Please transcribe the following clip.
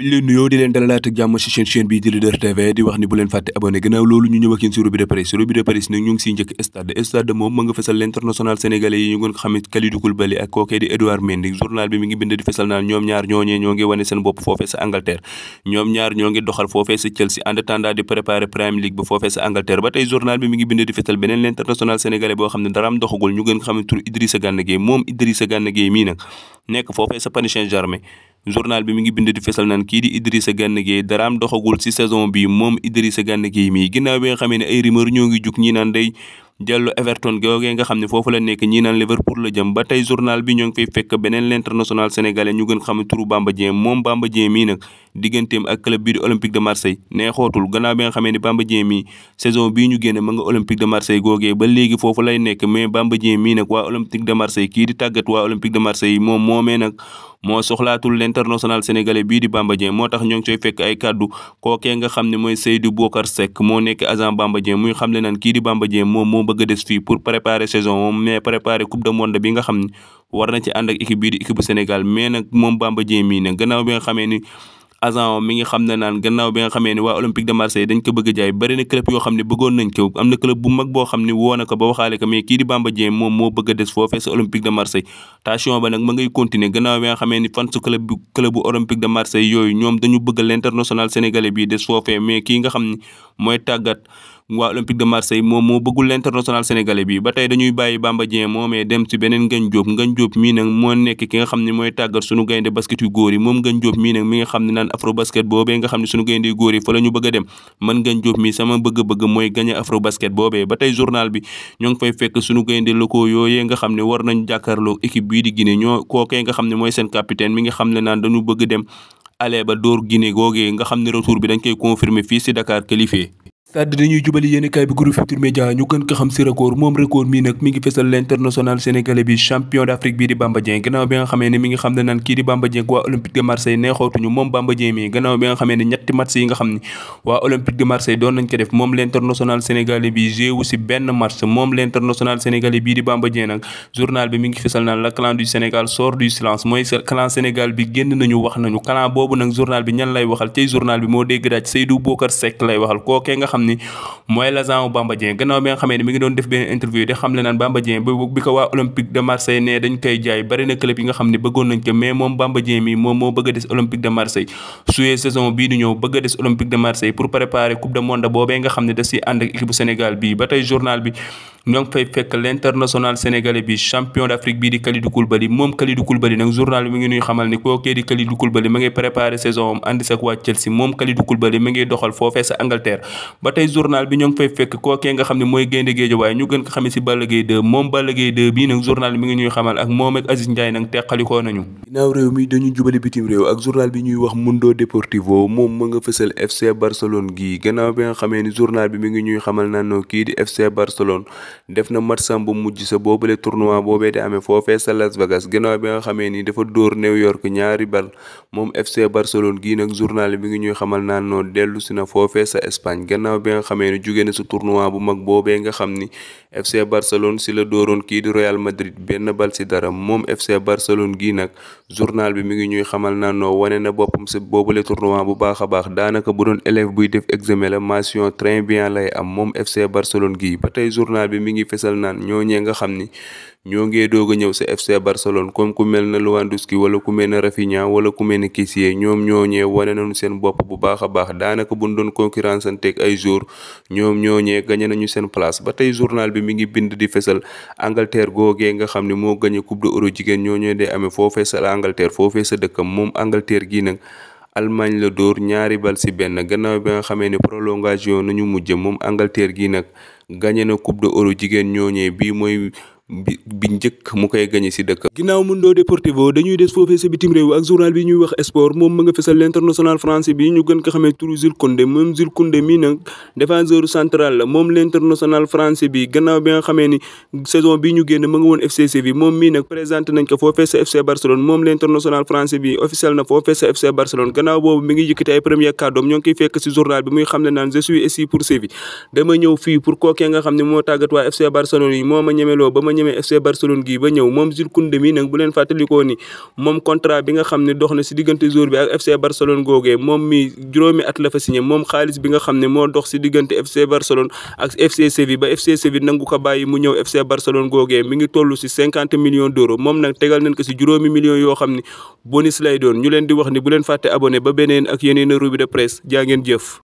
bi ñu leen nuyoo di leen dalalaat ak jàmm ci seen chaîne bi di Leader TV di wax ni bu leen fàtte abonné loolu ñu ñëw ak yéen ci ngi siy njëkk stade stade moom ma nga fesal l'international sénégalais yi ñu ngoon ko xamit ñoom ñaar ñooñee ñoo ngi wane seen bopp foofee sa ñoom ñaar ñoo ngi doxal foofee sa Chelsea en di préparer Premier League ba foofee sa Angleterre journal bi mi ngi bind fesal beneen l'international journal bi mi ngi bind fesal naan kii di Idrissa Gana Gueye daraam doxagul ci saison bi moom Idrissa Gana Gueye mii ginnaaw bi nga xamee ne ay rumeur ñoo ngi jug ñi naan day jàllu Everton googee nga xam ne foofu la nekk ñi naan Liverpool la jëm ba tey journal bi ñoo ngi fay fekk beneen l'international sénégalais ñu gën xam turu Bamba Dieng moom Bamba Dieng mii nag digganteem ak club bii di Olympique de Marseille neexootul gannaaw bi nga xamee ne Bamba Dieng mii saison bii ñu génne ma nga Olympique de Marseille googee ba léegi foofu lay nekk mais Bamba Dieng mii nag waa Olympique de Marseille moom moomee moo soxlaatul l'international sénégalais bii di Bamba Dieng moo tax ñoo ngi cooy fekk ay kàddu kookee nga xam ne mooy Seydou Bokar Seck moo nekk agent Bamba Dieng muy xam le naan kii di Bamba Dieng moo bëgg des fii pour préparer saison moom mais préparer coupe du monde bi nga xam ne war na ci ànd ak équipe bii Sénégal mais nag moom Bamba Dieng mii nag gannaaw bi nga xamee ni agent mi ngi xam ne naan gannaaw bi nga xamee ni waa Olympique de Marseille dañ ko bëgg a jaay bëri na club yoo xam ne bëggoon nañ ko am na club bu mag boo xam ne woo na ko ba waxaale ko mais kii di Bamba Dieng moom moo bëgg a des foofee sa Olympique de Marseille tension ba nag ma ngay continuer gannaaw bi nga xamee ni fan club club Olympique de Marseille yooyu ñoom dañu bëgg l'international sénégalais bii des foofee mais kii nga xam ne mooy tàggat waa Olympique de Marseille moom moo bëggul l'international sénégalais tey dañuy bàyyi Bamba Dieng moomee dem ci beneen Ngagne Diop Ngagne Diop mii nag moo nekk ki nga xam ne mooy tàggat suñu gaynde basket yu góor yi moom Ngagne Diop mii mi nga xam ne naan afro basket boobee nga xam ne suñu gaynde yu góor yi fa la ñu bëgg a sama bëgg-bëgg mooy gagné afro boobee ba tey journal bi ñoo ngi fay fekk suñu gaynde locaux yooyee nga xam ne war nañu jàkkaarloo équipe bii di Guinée ñoo kookee nga xam ne mooy seen capitaine mi nga xam ne naan dañu bëgg dem ale ba dóor Guinée googee nga xam ne retour bi dañ koy confirmer fii ci Dakar qualifié daldi dañuy jubali yéenekaay bi groupe Futurs Médias ñu gën ko xam ci record moom record mii nag mi ngi fesal l'international sénégalais bi champion d'Afrique bii di Bamba gannaaw bi nga xamee ne mi xam ne naan kii di Bamba waa Olympique de Marseille neexootuñu moom Bamba mii gannaaw bi nga xamee ne ñetti match yi nga xam ne waa Olympique de Marseille doon nañ ko def moom l'international sénégalais bi jéewu ci benn match moom l'international wax nañu clan boobu nag journal bi ñan lay waxal tey journal bi moo dégg xam ni mooy l'agent wu Bamba Dieng gannaaw bi xamee ne mi ngi doon def benn interview di xam naan Bamba bi bi ko waa Olympique de Marseille ne dañ koy jaay bari club yi nga xam ne bëggoon nañ ko mais moom Bamba Dieng moom moo bëgg des Olympique de Marseille suyee saison bii di ñëw bëgg des Olympique de Marseille pour préparer coupe du monde boobee nga xam ne da si ànd ak équipe Sénégal bii ba tey journal bi ñoo ngi fay fekk l'international sénégalais bi champion d'Afrique bii di Kalidou Koulibaly moom Kalidou Koulibaly nag journal bi mi ngi ñuy xamal ni kookee di Kalidou Koulibaly ma ngi préparé saison am ànd moom Kalidou Koulibaly mi ngi doxal foofee sa Angleterre ba tey journal bi ñoo ngi fay fekk kookee nga xam ne mooy gaynde Guédiawaye ñu gën ko si Balla moom Balla nag journal bi mi ngi ñuy ak moom ak Aziz Ndiaye nag teqalikoo nañu ginnaaw réew mi dañu jubale bitim réew ak journal bi ñuy wax Mundo Deportivo moom ma nga fësal FC Barcelone gii gannaaw bi nga xamee ni journal bi mi ngi ñuy xamal naanoo kii di FC Barcelone def na match sam bu mujj sa boobule tournoi boobee di amee foofee sa Las Vegas ginnaaw bi nga ni dafa dóor New York ñaari bal moom FC Barcelone gii nag journal bi ngi ñuy xamal naan noo dellu na foofee sa Espagne gannaaw bi xamee ni jugee na sa tournoi bu mag boobee nga xam ni FC Barcelone si la dóoroon kii di Real Madrid benn bal si dara moom FC Barcelone gii nag journal bi mi ngi ñuy xamal naan noo wane na boppam si boobule tournoi bu baax a baax daanaka bu doon élève buy def examen la mention très bien lay am moom FC Barcelone gii ba tey journal bi bi mi ngi fesal naan ñooñee nga xam ni ñoo ngee doog a ñëw sa FC Barcelone comme ku mel na Lewandowski wala ku mel ne Rafinha wala ku mel ne Kessié ñoom ñooñee wane nañu seen bopp bu baax a baax daanaka buñ doon concurrence anteeg ay jour ñoom ñooñee gañe nañu seen place ba tey journal bi mi ngi bind di fesal Angleterre googee nga xam ne moo gañe coupe d'Euro jigéen ñooñee day ame foofee sa Angleterre foofee sa dëkkam moom Angleterre gii nag Allemagne la dóor ñaari bal ci benn gannaaw bi nga xamee ne prolongation nañu mujje moom Angleterre gii nag gañe na coupe de Euro jigéen ñooñee bii mooy bi njëkk mu koy gañe si dëkk ginnaaw Mundo Deportivo dañuy des foofee sa bitim ak journal bi ñuy wax sport moom ma nga fesal l'international français bi ñu gën ko ma nga woon FC Séville na foofee sa FC Barcelone gannaaw boobu mi ngi yëkkati ay premier kàddoom ñoo ngi fekk si journal bi muy xam ne naan je suis pour Séville dama ñëw fii pour kookee nga xam ne moo tàggat waa FC Barcelone moo ma ñemeloo ba ma ñemee FC Barcelone gi ba ñëw moom Jules Koundé nag bu leen fàttalikoo ni moom contrat bi nga xam ne dox na si diggante jour bi ak FC Barcelone googee moom mi juróomi at la fa signé moom xaalis bi nga xam ne moo dox si diggante FC Barcelone ak FC Séville ba FC Séville nangu ko bàyyi mu ñëw FC Barcelone googee mi ngi toll si cinquante millions d'euros moom nag tegal nañ ko si juróomi million yoo xam ne bonus lay doon ñu leen di wax ni bu leen fàtte abonné ba beneen ak yeneen revue de presse jaa ngeen jëf